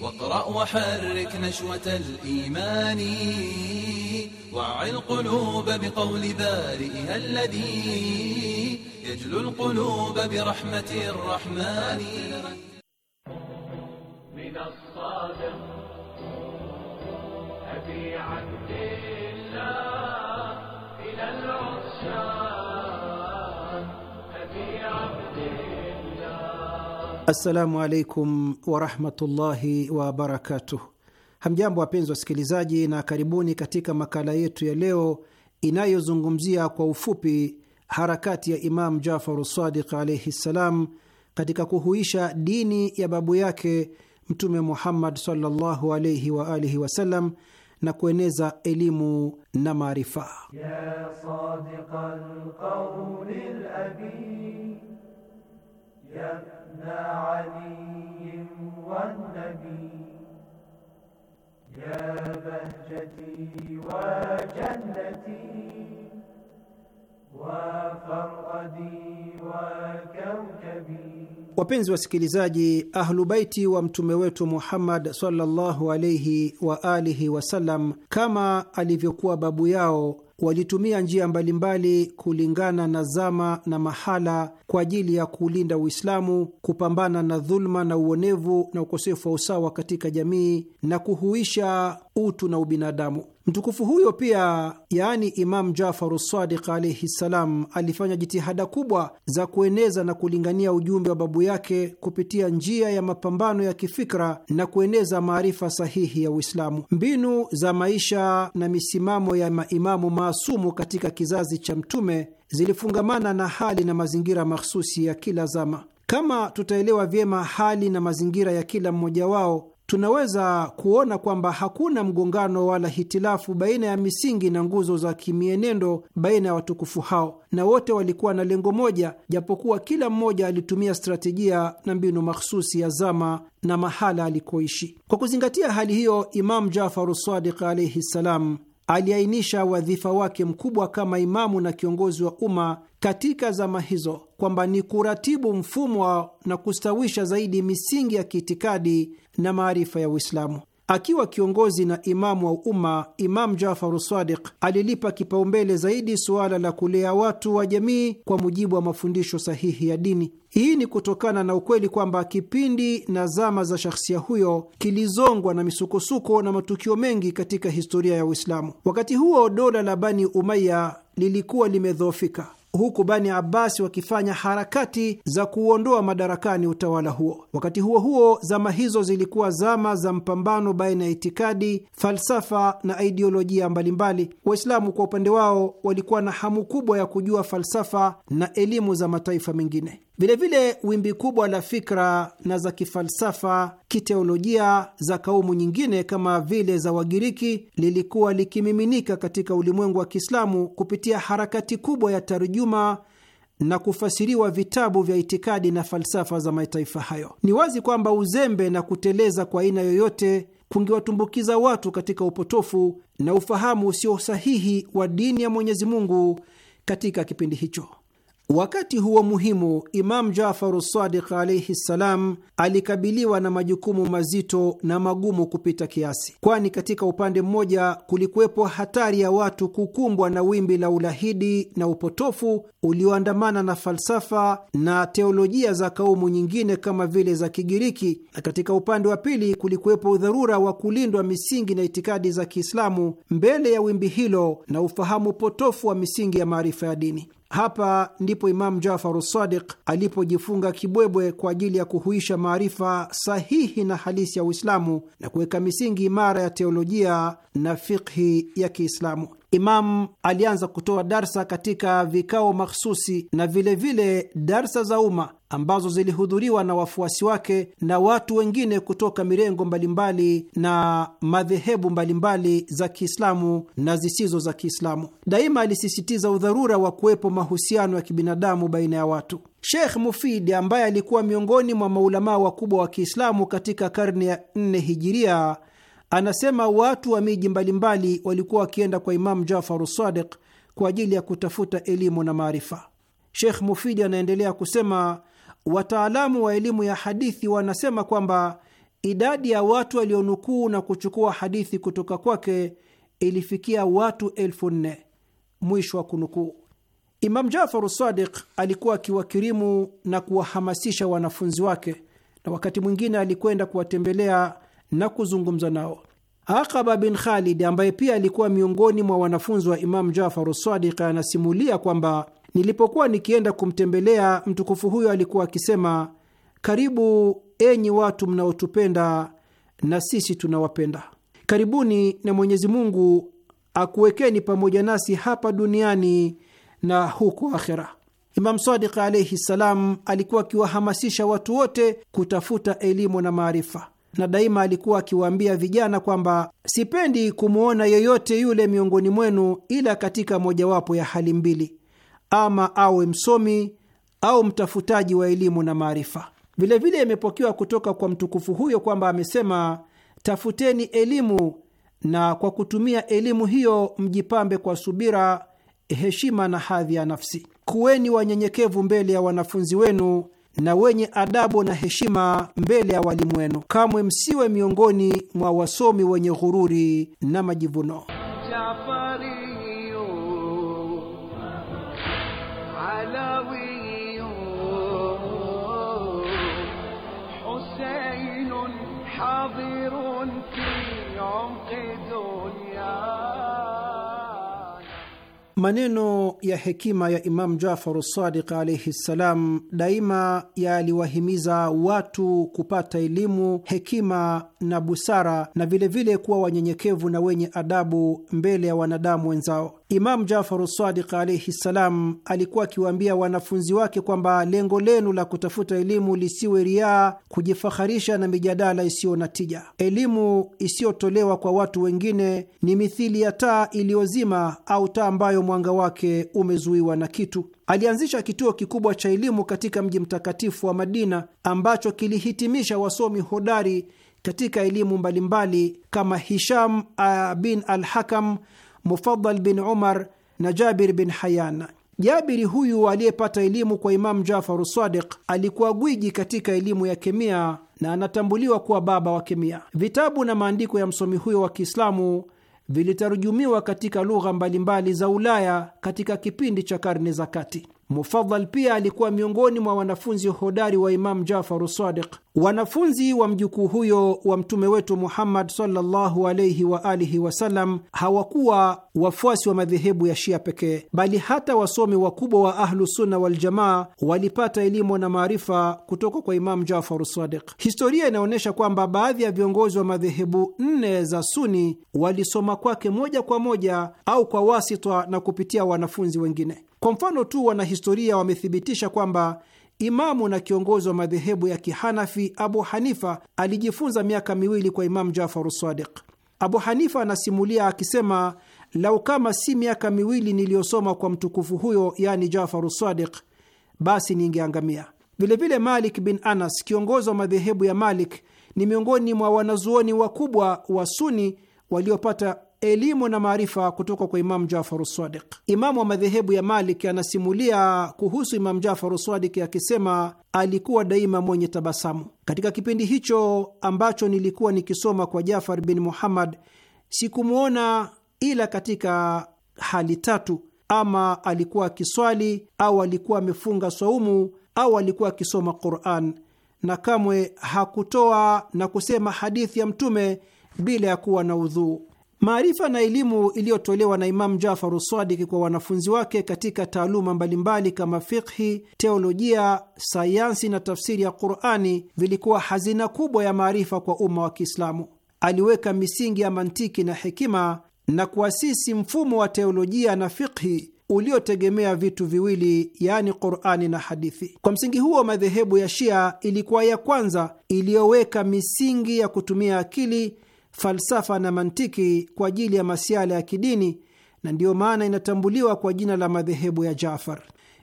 واقرأ وحرك نشوة الإيمان وع القلوب بقول بارئها الذي يجلو القلوب برحمة الرحمن من الصادق أبي عبد الله Assalamu alaikum warahmatullahi wabarakatuh. Hamjambo wapenzi wasikilizaji, na karibuni katika makala yetu ya leo inayozungumzia kwa ufupi harakati ya Imam Jafaru Sadiq alaihi ssalam katika kuhuisha dini ya babu yake Mtume Muhammad sallallahu alaihi wa alihi wasallam na kueneza elimu na maarifa. يا ابن علي والنبي يا بهجتي وجنتي وفرأدي وكوكبي Wapenzi wasikilizaji, Ahlu Baiti wa mtume wetu Muhammad sallallahu alaihi wa alihi wasallam, kama alivyokuwa babu yao walitumia njia mbalimbali kulingana na zama na mahala kwa ajili ya kuulinda Uislamu, kupambana na dhuluma na uonevu na ukosefu wa usawa katika jamii na kuhuisha utu na ubinadamu. Mtukufu huyo pia, yaani Imam Jafaru Sadiq alaihi ssalam, alifanya jitihada kubwa za kueneza na kulingania ujumbe wa babu yake kupitia njia ya mapambano ya kifikra na kueneza maarifa sahihi ya Uislamu. Mbinu za maisha na misimamo ya maimamu maasumu katika kizazi cha Mtume zilifungamana na hali na mazingira mahsusi ya kila zama. Kama tutaelewa vyema hali na mazingira ya kila mmoja wao tunaweza kuona kwamba hakuna mgongano wala hitilafu baina ya misingi na nguzo za kimienendo baina ya watukufu hao, na wote walikuwa na lengo moja, japokuwa kila mmoja alitumia strategia na mbinu makhususi ya zama na mahala alikoishi. Kwa kuzingatia hali hiyo, imamu Jafaru Sadiq alaihi ssalam aliainisha wadhifa wake mkubwa kama imamu na kiongozi wa umma katika zama hizo kwamba ni kuratibu mfumo na kustawisha zaidi misingi ya kiitikadi na maarifa ya Uislamu. Akiwa kiongozi na imamu wa umma, Imamu Jafaru Sadiq alilipa kipaumbele zaidi suala la kulea watu wa jamii kwa mujibu wa mafundisho sahihi ya dini. Hii ni kutokana na ukweli kwamba kipindi na zama za shakhsia huyo kilizongwa na misukosuko na matukio mengi katika historia ya Uislamu. Wakati huo dola la Bani Umaya lilikuwa limedhoofika huku Bani abasi wakifanya harakati za kuuondoa madarakani utawala huo. Wakati huo huo, zama hizo zilikuwa zama za mpambano baina ya itikadi, falsafa na ideolojia mbalimbali. Waislamu kwa upande wao walikuwa na hamu kubwa ya kujua falsafa na elimu za mataifa mengine. Vilevile wimbi kubwa la fikra na za kifalsafa kiteolojia za kaumu nyingine kama vile za Wagiriki lilikuwa likimiminika katika ulimwengu wa Kiislamu kupitia harakati kubwa ya tarjuma na kufasiriwa vitabu vya itikadi na falsafa za mataifa hayo. Ni wazi kwamba uzembe na kuteleza kwa aina yoyote kungewatumbukiza watu katika upotofu na ufahamu usio sahihi wa dini ya Mwenyezi Mungu katika kipindi hicho. Wakati huo muhimu, Imam jafar Sadiq alaihi ssalam alikabiliwa na majukumu mazito na magumu kupita kiasi, kwani katika upande mmoja kulikuwepo hatari ya watu kukumbwa na wimbi la ulahidi na upotofu ulioandamana na falsafa na teolojia za kaumu nyingine kama vile za Kigiriki, na katika upande wa pili kulikuwepo udharura wa kulindwa misingi na itikadi za Kiislamu mbele ya wimbi hilo na ufahamu potofu wa misingi ya maarifa ya dini. Hapa ndipo Imamu Jafaru Sadiq alipojifunga kibwebwe kwa ajili ya kuhuisha maarifa sahihi na halisi ya Uislamu na kuweka misingi imara ya teolojia na fikhi ya Kiislamu. Imam alianza kutoa darsa katika vikao mahsusi na vilevile vile darsa za umma ambazo zilihudhuriwa na wafuasi wake na watu wengine kutoka mirengo mbalimbali na madhehebu mbalimbali za Kiislamu na zisizo za Kiislamu. Daima alisisitiza udharura wa kuwepo mahusiano ya kibinadamu baina ya watu. Sheikh Mufid ambaye alikuwa miongoni mwa maulamaa wakubwa wa Kiislamu katika karne ya nne hijiria Anasema watu wa miji mbalimbali walikuwa wakienda kwa Imamu Jafaru Sadiq kwa ajili ya kutafuta elimu na maarifa. Sheikh Mufidi anaendelea kusema, wataalamu wa elimu ya hadithi wanasema kwamba idadi ya watu walionukuu na kuchukua hadithi kutoka kwake ilifikia watu elfu nne. Mwisho wa kunukuu. Imam Jafaru Sadiq alikuwa akiwakirimu na kuwahamasisha wanafunzi wake, na wakati mwingine alikwenda kuwatembelea na kuzungumza nao. Aqaba bin Khalid ambaye pia alikuwa miongoni mwa wanafunzi wa Imamu Jafaru Sadiq anasimulia kwamba nilipokuwa nikienda kumtembelea mtukufu huyo alikuwa akisema, karibu enyi watu mnaotupenda na sisi tunawapenda, karibuni na Mwenyezi Mungu akuwekeni pamoja nasi hapa duniani na huko akhera. Imam Sadiq alaihi ssalam alikuwa akiwahamasisha watu wote kutafuta elimu na maarifa na daima alikuwa akiwaambia vijana kwamba sipendi kumwona yeyote yule miongoni mwenu ila katika mojawapo ya hali mbili, ama awe msomi au mtafutaji wa elimu na maarifa. Vilevile imepokewa kutoka kwa mtukufu huyo kwamba amesema, tafuteni elimu na kwa kutumia elimu hiyo mjipambe kwa subira, heshima na hadhi ya nafsi. Kuweni wanyenyekevu mbele ya wanafunzi wenu na wenye adabu na heshima mbele ya walimu wenu. Kamwe msiwe miongoni mwa wasomi wenye ghururi na majivuno. Maneno ya hekima ya Imamu Jafaru Sadiq alaihi ssalam daima yaliwahimiza watu kupata elimu, hekima na busara, na vilevile kuwa wanyenyekevu na wenye adabu mbele ya wanadamu wenzao. Imamu Jafaru Sadiq alaihi ssalam alikuwa akiwaambia wanafunzi wake kwamba lengo lenu la kutafuta elimu lisiwe riaa, kujifaharisha na mijadala isiyo na tija. Elimu isiyotolewa kwa watu wengine ni mithili ya taa iliyozima au taa ambayo mwanga wake umezuiwa na kitu. Alianzisha kituo kikubwa cha elimu katika mji mtakatifu wa Madina ambacho kilihitimisha wasomi hodari katika elimu mbalimbali kama Hisham ah, bin al-Hakam Mufadal bin Umar na Jabir bin hayana Jabiri huyu aliyepata elimu kwa Imamu Jafaru Sadiq alikuwa gwiji katika elimu ya kemia na anatambuliwa kuwa baba wa kemia. Vitabu na maandiko ya msomi huyo wa Kiislamu vilitarujumiwa katika lugha mbalimbali za Ulaya katika kipindi cha karne za kati. Mufadhal pia alikuwa miongoni mwa wanafunzi hodari wa Imamu Jafaru Sadiq. Wanafunzi wa mjukuu huyo wa mtume wetu Muhammad sallallahu alayhi wa alihi wasallam hawakuwa wafuasi wa madhehebu ya Shia pekee, bali hata wasomi wakubwa wa Ahlusunna Waljamaa walipata elimu na maarifa kutoka kwa Imamu Jafaru Sadiq. Historia inaonyesha kwamba baadhi ya viongozi wa madhehebu nne za Suni walisoma kwake moja kwa moja au kwa wasita na kupitia wanafunzi wengine. Kwa mfano tu, wanahistoria wamethibitisha kwamba imamu na kiongozi wa madhehebu ya kihanafi Abu Hanifa alijifunza miaka miwili kwa Imamu Jafaru Sadiq. Abu Hanifa anasimulia akisema, lau kama si miaka miwili niliyosoma kwa mtukufu huyo, yani Jafaru Sadiq, basi ningeangamia. Vilevile Malik bin Anas, kiongozi wa madhehebu ya Malik, ni miongoni mwa wanazuoni wakubwa wa Suni waliopata elimu na maarifa kutoka kwa Imamu Jafaru Sadiq. Imamu wa madhehebu ya Malik anasimulia kuhusu Imamu Jafaru Sadiq akisema alikuwa daima mwenye tabasamu. Katika kipindi hicho ambacho nilikuwa nikisoma kwa Jafar bin Muhammad, sikumwona ila katika hali tatu: ama alikuwa akiswali, au alikuwa amefunga swaumu, au alikuwa akisoma Quran, na kamwe hakutoa na kusema hadithi ya Mtume bila ya kuwa na udhuu. Maarifa na elimu iliyotolewa na Imamu Jafaru Sadiki kwa wanafunzi wake katika taaluma mbalimbali kama fikhi, teolojia, sayansi na tafsiri ya Qurani vilikuwa hazina kubwa ya maarifa kwa umma wa Kiislamu. Aliweka misingi ya mantiki na hekima na kuasisi mfumo wa teolojia na fikhi uliotegemea vitu viwili yaani Qurani na hadithi. Kwa msingi huo, madhehebu ya Shia ilikuwa ya kwanza iliyoweka misingi ya kutumia akili falsafa na mantiki kwa ajili ya masiala ya kidini, na ndiyo maana inatambuliwa kwa jina la madhehebu ya Jafar.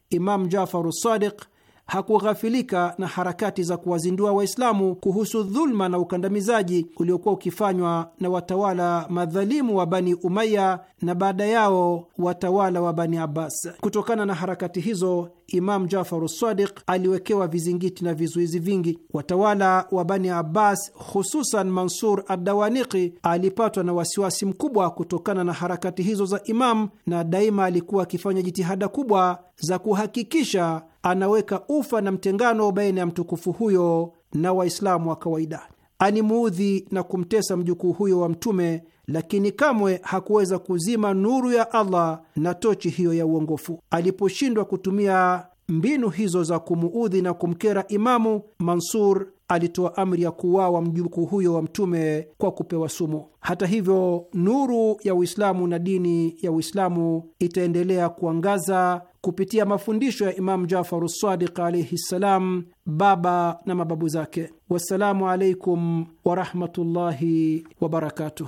Imam Jafar Sadiq hakughafilika na harakati za kuwazindua Waislamu kuhusu dhulma na ukandamizaji uliokuwa ukifanywa na watawala madhalimu wa Bani Umaya na baada yao watawala wa Bani Abbas. Kutokana na harakati hizo, Imam Jafaru Sadiq aliwekewa vizingiti na vizuizi vingi. Watawala wa Bani Abbas, hususan Mansur Adawaniki, alipatwa na wasiwasi mkubwa kutokana na harakati hizo za Imam, na daima alikuwa akifanya jitihada kubwa za kuhakikisha anaweka ufa na mtengano baina ya mtukufu huyo na Waislamu wa kawaida. Animuudhi na kumtesa mjukuu huyo wa Mtume, lakini kamwe hakuweza kuzima nuru ya Allah na tochi hiyo ya uongofu. Aliposhindwa kutumia mbinu hizo za kumuudhi na kumkera Imamu Mansur alitoa amri ya kuuawa mjukuu huyo wa Mtume kwa kupewa sumu. Hata hivyo, nuru ya Uislamu na dini ya Uislamu itaendelea kuangaza kupitia mafundisho ya Imamu Jafaru Sadiq alaihi ssalam, baba na mababu zake. Wassalamu alaikum warahmatullahi wabarakatuh.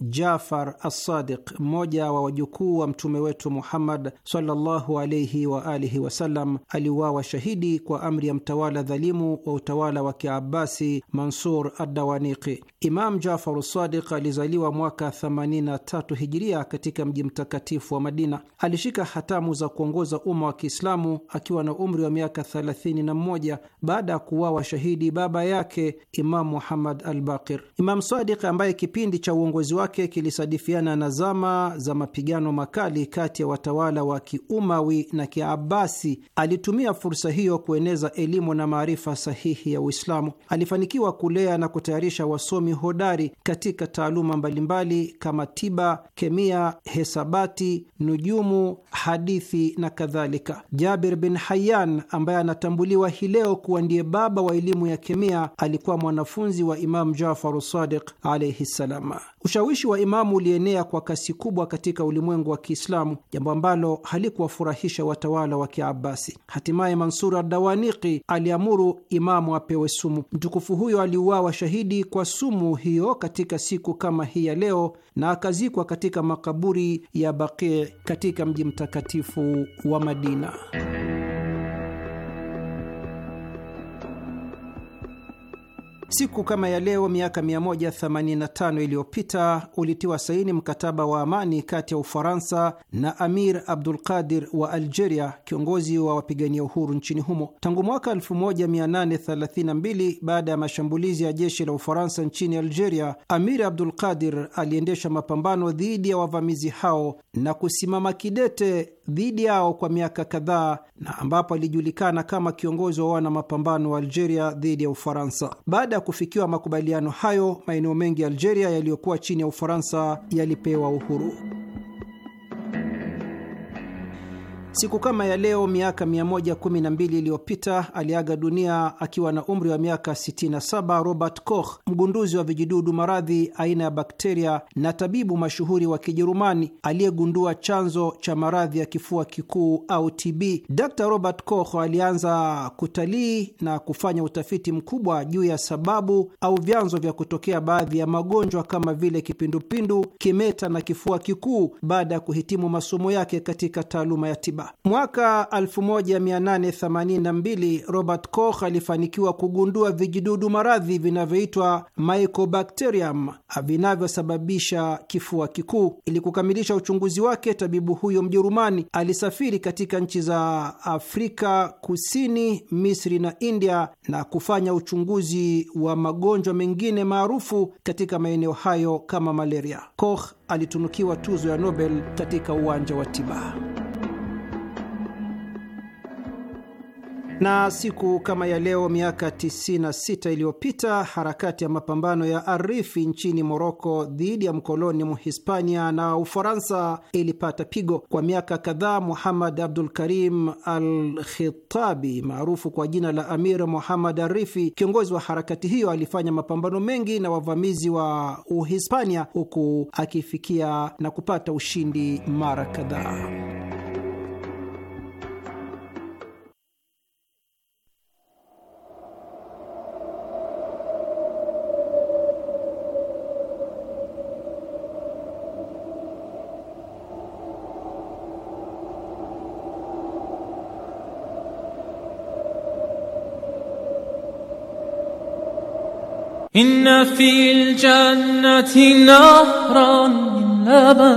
Jafar Assadiq, mmoja wa wajukuu wa mtume wetu Muhammad sallallahu alaihi wa alihi wasallam, aliuawa shahidi kwa amri ya mtawala dhalimu wa utawala wa Kiabasi, Mansur Adawaniki. Imam Jafar Sadiq alizaliwa mwaka 83 hijiria katika mji mtakatifu wa Madina. Alishika hatamu za kuongoza umma wa Kiislamu akiwa na umri wa miaka 31 baada ya kuuawa shahidi baba yake Imam Muhammad Albakir. Imam Sadiq ambaye kipindi cha uongozi wake wake kilisadifiana na zama za mapigano makali kati ya watawala wa Kiumawi na Kiabasi. Alitumia fursa hiyo kueneza elimu na maarifa sahihi ya Uislamu. Alifanikiwa kulea na kutayarisha wasomi hodari katika taaluma mbalimbali kama tiba, kemia, hesabati, nujumu, hadithi na kadhalika. Jabir bin Hayyan ambaye anatambuliwa hii leo kuwa ndiye baba wa elimu ya kemia alikuwa mwanafunzi wa Imamu Jafar Sadiq alaihi ssalam. Ushawishi Ushawishi wa Imamu ulienea kwa kasi kubwa katika ulimwengu wa Kiislamu, jambo ambalo halikuwafurahisha watawala wa Kiabasi. Hatimaye Mansur Ardawaniki aliamuru Imamu apewe sumu. Mtukufu huyo aliuawa shahidi kwa sumu hiyo katika siku kama hii ya leo na akazikwa katika makaburi ya Baqi katika mji mtakatifu wa Madina. Siku kama ya leo miaka 185 iliyopita ulitiwa saini mkataba wa amani kati ya Ufaransa na Amir Abdul Qadir wa Algeria, kiongozi wa wapigania uhuru nchini humo. Tangu mwaka 1832 baada ya mashambulizi ya jeshi la Ufaransa nchini Algeria, Amir Abdul Qadir aliendesha mapambano dhidi ya wavamizi hao na kusimama kidete dhidi yao kwa miaka kadhaa na ambapo alijulikana kama kiongozi wa wana mapambano wa Algeria dhidi ya Ufaransa. Baada ya kufikiwa makubaliano hayo, maeneo mengi ya Algeria yaliyokuwa chini ya Ufaransa yalipewa uhuru. Siku kama ya leo miaka 112 iliyopita aliaga dunia akiwa na umri wa miaka 67 Robert Koch, mgunduzi wa vijidudu maradhi aina ya bakteria na tabibu mashuhuri wa Kijerumani aliyegundua chanzo cha maradhi ya kifua kikuu au TB. Dr Robert Koch alianza kutalii na kufanya utafiti mkubwa juu ya sababu au vyanzo vya kutokea baadhi ya magonjwa kama vile kipindupindu, kimeta na kifua kikuu baada ya kuhitimu masomo yake katika taaluma ya tiba akiba. Mwaka 1882 Robert Koch alifanikiwa kugundua vijidudu maradhi vinavyoitwa mycobacterium vinavyosababisha kifua kikuu. Ili kukamilisha uchunguzi wake, tabibu huyo Mjerumani alisafiri katika nchi za Afrika Kusini, Misri na India na kufanya uchunguzi wa magonjwa mengine maarufu katika maeneo hayo kama malaria. Koch alitunukiwa tuzo ya Nobel katika uwanja wa tiba. Na siku kama ya leo miaka 96 iliyopita harakati ya mapambano ya Arifi nchini Moroko dhidi ya mkoloni Mhispania na Ufaransa ilipata pigo. Kwa miaka kadhaa, Muhammad Abdul Karim Al Khitabi maarufu kwa jina la Amir Muhammad Arifi, kiongozi wa harakati hiyo, alifanya mapambano mengi na wavamizi wa Uhispania, huku akifikia na kupata ushindi mara kadhaa. إن في الجنة نهرا من لبن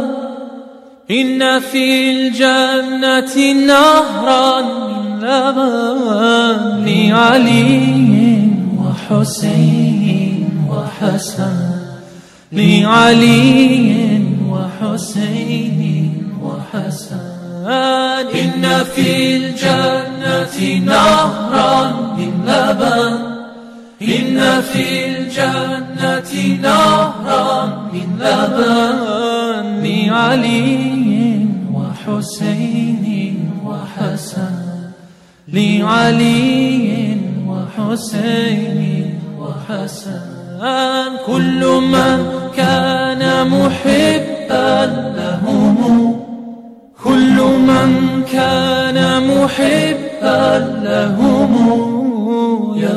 إن في الجنة نهرا من لبن لعلي وحسين وحسن لعلي وحسين وحسن إن في الجنة نهرا من لبن إن في الجنة نهرا من لبن علي وحسين وحسن لعلي وحسين وحسن كل من كان محبا لهم كل من كان محبا لهم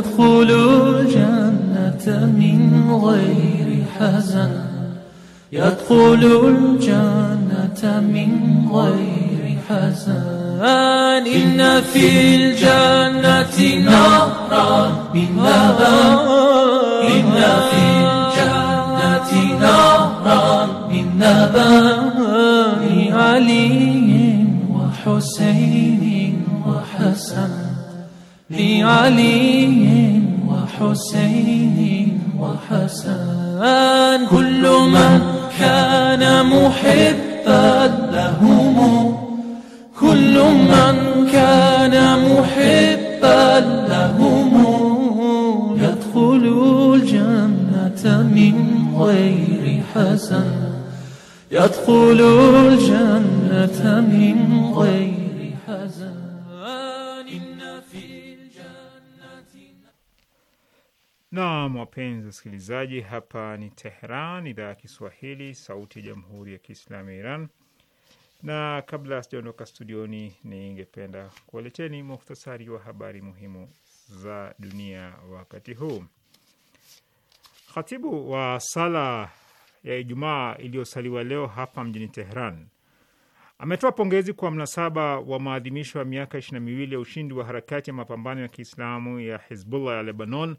ندخل الجنة من غير حزن يدخل الجنة من غير حزن إن في الجنة نهرا من لبن إن في الجنة نهرا من لبن لعلي وحسين وحسن لعلي حسين وحسان كل من كان محبا لهم كل من كان محبا لهم يدخل الجنة من غير حسن يدخل الجنة من غير Naam, wapenzi wasikilizaji, hapa ni Tehran, idhaa ya Kiswahili, sauti ya jamhuri ya kiislamu ya Iran. Na kabla sijaondoka studioni, ningependa kuwaleteni muhtasari wa habari muhimu za dunia wakati huu. Khatibu wa sala ya Ijumaa iliyosaliwa leo hapa mjini Tehran ametoa pongezi kwa mnasaba wa maadhimisho ya miaka ishirini na miwili ya ushindi wa harakati ya mapambano ya Kiislamu ya Hizbullah ya Lebanon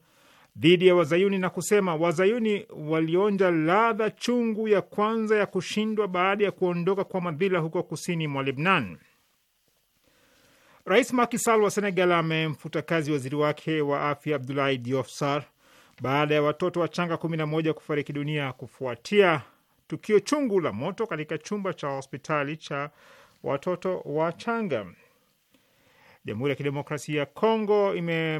dhidi ya wazayuni na kusema wazayuni walionja ladha chungu ya kwanza ya kushindwa baada ya kuondoka kwa madhila huko kusini mwa Lebnan. Rais Macky Sall wa Senegal amemfuta kazi waziri wake wa afya Abdoulaye Diouf Sarr baada ya watoto wachanga 11 kufariki dunia kufuatia tukio chungu la moto katika chumba cha hospitali cha watoto wachanga. Jamhuri ya Kidemokrasia ya Kongo ime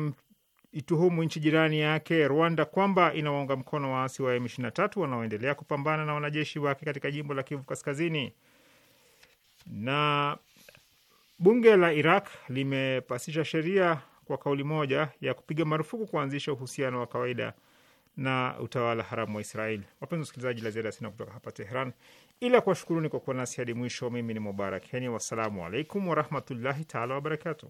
ituhumu nchi jirani yake Rwanda kwamba inawaunga mkono waasi wa M23 wanaoendelea kupambana na wanajeshi wake katika jimbo la Kivu Kaskazini. Na bunge la Iraq limepasisha sheria kwa kauli moja ya kupiga marufuku kuanzisha uhusiano wa kawaida na utawala haramu wa Israel. Wapenzi wasikilizaji, la ziada sina kutoka hapa Tehran ila kuwashukuruni kwa kuwa nasi hadi mwisho. Mimi ni Mubarak Heni, wassalamu alaikum warahmatullahi taala wabarakatuh.